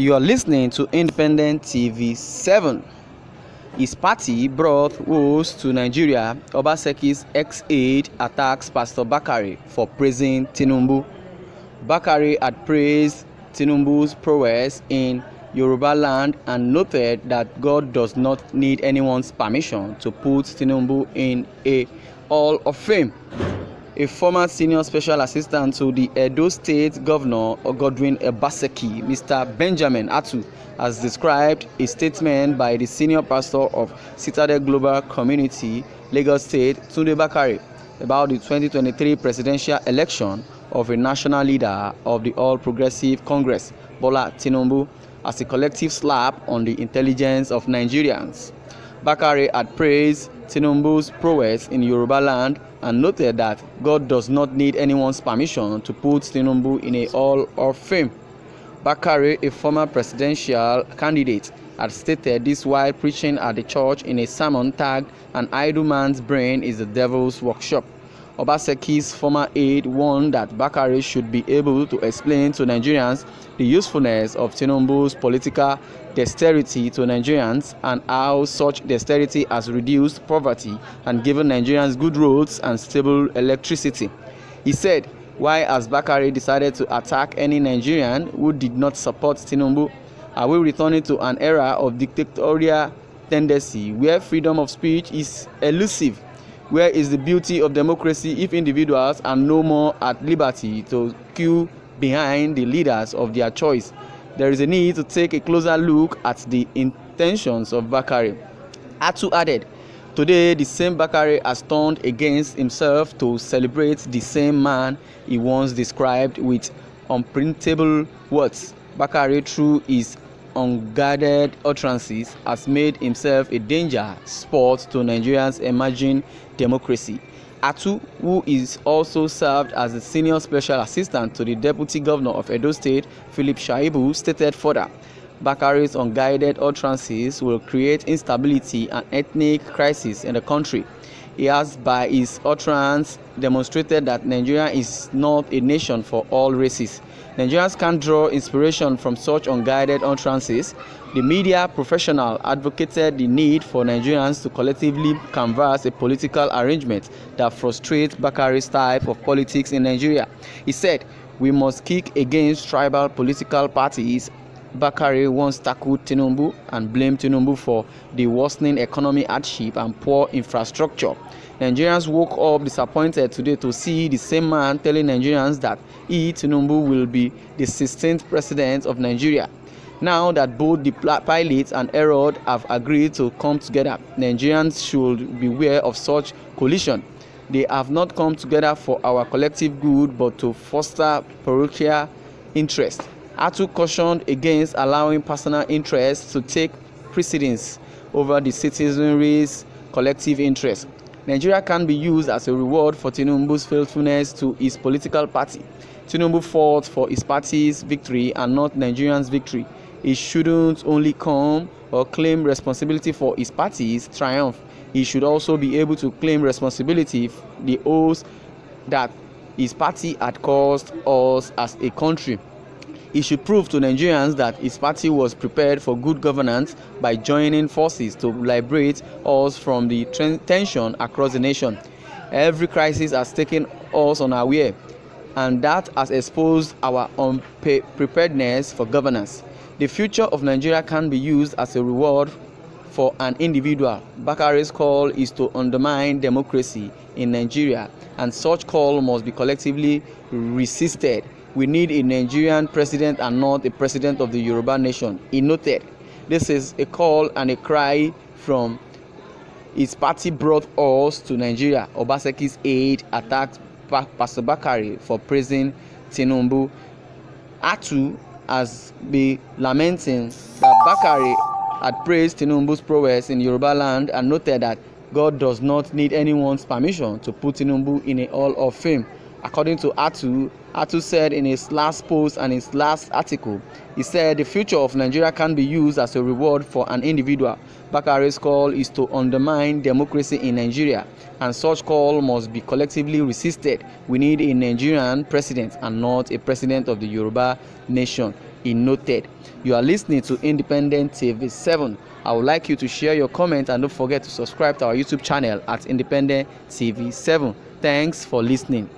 You are listening to Independent TV 7. His party brought woes to Nigeria. Obaseki's ex-aide attacks Pastor Bakari for praising Tinubu. Bakari had praised Tinubu's prowess in Yoruba land and noted that God does not need anyone's permission to put Tinubu in a hall of fame a former senior special assistant to the Edo State Governor Godwin Ebaseki, Mr. Benjamin Atu, has described a statement by the senior pastor of Citadel Global Community, Lagos State, Tunde Bakari, about the 2023 presidential election of a national leader of the All Progressive Congress, Bola Tinubu, as a collective slap on the intelligence of Nigerians. Bakari had praised Tinubu's prowess in Yoruba land, and noted that God does not need anyone's permission to put Tinubu in a hall of fame. Bakari, a former presidential candidate, had stated this while preaching at the church in a sermon tagged An Idle Man's Brain is the Devil's Workshop. Obaseki's former aide warned that Bakare should be able to explain to Nigerians the usefulness of Tinubu's political dexterity to Nigerians and how such dexterity has reduced poverty and given Nigerians good roads and stable electricity. He said, why has Bakare decided to attack any Nigerian who did not support Tinubu? Are we returning to an era of dictatorial tendency where freedom of speech is elusive Where is the beauty of democracy if individuals are no more at liberty to queue behind the leaders of their choice? There is a need to take a closer look at the intentions of Bakare. Atu added, Today, the same Bakare has turned against himself to celebrate the same man he once described with unprintable words. Bakare, through his unguarded utterances has made himself a danger spot to Nigeria's emerging democracy. Atu, who is also served as the senior special assistant to the deputy governor of Edo State, Philip Shaibu, stated further. Bakari's unguided utterances will create instability and ethnic crisis in the country. He has, by his utterance, demonstrated that Nigeria is not a nation for all races. Nigerians can draw inspiration from such unguided utterances. The media professional advocated the need for Nigerians to collectively canvass a political arrangement that frustrates Bakari's type of politics in Nigeria. He said, We must kick against tribal political parties Bakari once tackled Tinubu and blamed Tinubu for the worsening economic hardship and poor infrastructure. Nigerians woke up disappointed today to see the same man telling Nigerians that he, Tinubu, will be the 16th president of Nigeria. Now that both the pilots and Herod have agreed to come together, Nigerians should beware of such collision. They have not come together for our collective good but to foster parochial interest. too cautioned against allowing personal interests to take precedence over the citizenry's collective interests. Nigeria can be used as a reward for Tinubu's faithfulness to his political party. Tinubu fought for his party's victory and not Nigerians' victory. He shouldn't only come or claim responsibility for his party's triumph. He should also be able to claim responsibility for the oaths that his party had caused us as a country. He should prove to Nigerians that his party was prepared for good governance by joining forces to liberate us from the tension across the nation. Every crisis has taken us unaware, and that has exposed our unpreparedness for governance. The future of Nigeria can be used as a reward for an individual. Bakare's call is to undermine democracy in Nigeria, and such call must be collectively resisted. We need a Nigerian president and not a president of the Yoruba nation. He noted this is a call and a cry from his party brought us to Nigeria. Obaseki's aide attacked Pastor Bakari for praising Tinubu. Atu has been lamenting that Bakari had praised Tinubu's prowess in Yoruba land and noted that God does not need anyone's permission to put Tinubu in a hall of fame. According to Atu, Atu said in his last post and his last article, he said the future of Nigeria can be used as a reward for an individual. Bakari's call is to undermine democracy in Nigeria, and such call must be collectively resisted. We need a Nigerian president and not a president of the Yoruba nation. He noted. You are listening to Independent TV 7. I would like you to share your comment and don't forget to subscribe to our YouTube channel at Independent TV 7. Thanks for listening.